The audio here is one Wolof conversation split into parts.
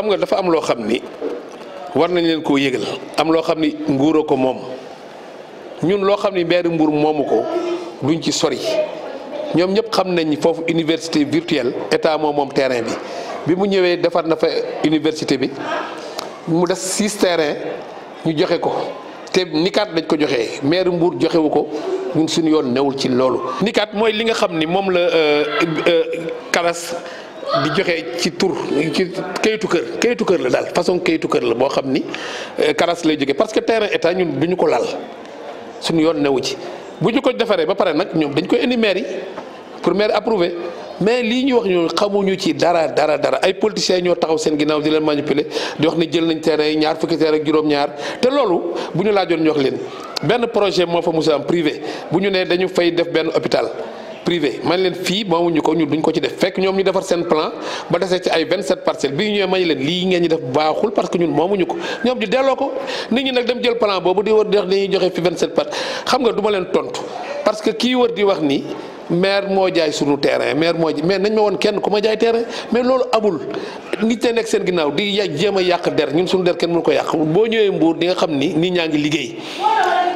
xam nga dafa am loo xam ni war nañ leen koo yégal am loo xam ni nguur ko moom ñun loo xam ni maire Mbour moomu ko duñ ci sori ñoom ñëpp xam nañ foofu université virtuelle état moom moom terrain bi bi mu ñëwee defar na fa université bi mu des six terrain ñu joxe ko te nikaat dañ ko joxe maire Mbour joxewu ko ñun suñu yoon newul ci loolu. nikaat mooy li nga xam ni moom la kalas euh, euh, di joxe ci tur ci kayitu kër kayitu kër la daal façon kayitu kër la boo xam ni euh, karas lay jóge parce que terrain état ñun du ñu ko laal suñu yoon newu ci bu ñu ko defaree ba pare nag ñoom dañ koy indi maire yi pour maire approuvé mais lii ñuy wax ñoo xamuñu ci dara dara dara ay politiciens ñoo taxaw seen ginnaaw di leen manipuler di wax ni jël nañ terrain ñaar fukki terrain ak juróom-ñaar te loolu bu ñu laajoon ñu wax leen benn projet moo fa musa am privé bu ñu nee dañu fay def benn hôpital privé man leen fii moomuñu ko ñun duñ ko ci def fekk ñoom ñu defar seen plan ba desee ci ay 27 parcelles bi ñu ñëwee may leen lii ngeen ñu def baaxul parce que ñun moomuñu ko ñoom ñu delloo ko nit ñi nag dem jël plan boobu di wër di wax dañuy joxe fi 27 parcelles xam nga du ma leen tontu parce que kii wër di wax ni maire moo jaay sunu terrain maire moo mais nañ ma woon kenn ku ma jaay terrain mais loolu amul nit ñi nekk seen ginnaaw di jéem a yàq der ñun suñu der kenn mënu ko yàq boo ñëwee mbuur di nga xam ni nit ñaa ngi liggéey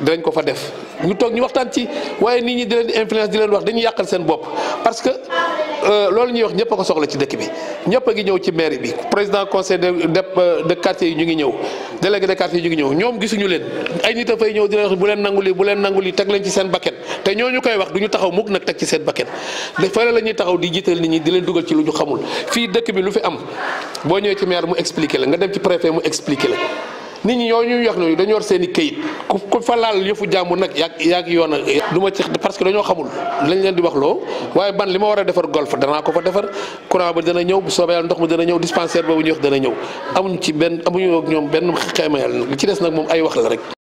dañ ko fa def ñu toog ñu waxtaan ci waaye nit ñi di leen di influence di leen wax dañuy yàqal seen bopp parce que euh, loolu ñuy wax ñëpp a ko soxla ci dëkk bi ñëpp a ngi ñëw ci mairie bi président conseil de de euh, quartier yi ñu ngi ñëw délégué de quartier yi ñu ngi ñëw ñoom gisuñu leen ay nit a fay ñëw bu leen nangu lii bu leen nangu lii teg leen ci seen bakket te ñooñu koy wax du ñu taxaw mukk nag teg ci seen bakket dafare la ñuy taxaw di jiital nit ñi di leen dugal ci lu ñu xamul fii dëkk bi lu fi am boo ñëwee ci maire mu expliqué la nga dem ci préfet mu expliqué la nit ñi ñoo ñuy wax noonu dañu yor seen i këyit ku ku fa laal yëfu jàmm nag yaa yaa yoon duma ma ci parce que dañoo xamul lañ leen di wax loo waaye ban li ma war a defar golf danaa ko fa defar courant ba dana ñëw bu soobee yàlla ndox mi dana ñëw dispensaire boobu ñuy wax dana ñëw amuñ ci benn amuñu ak ñoom benn xeemayal li ci des nag moom ay wax la rek.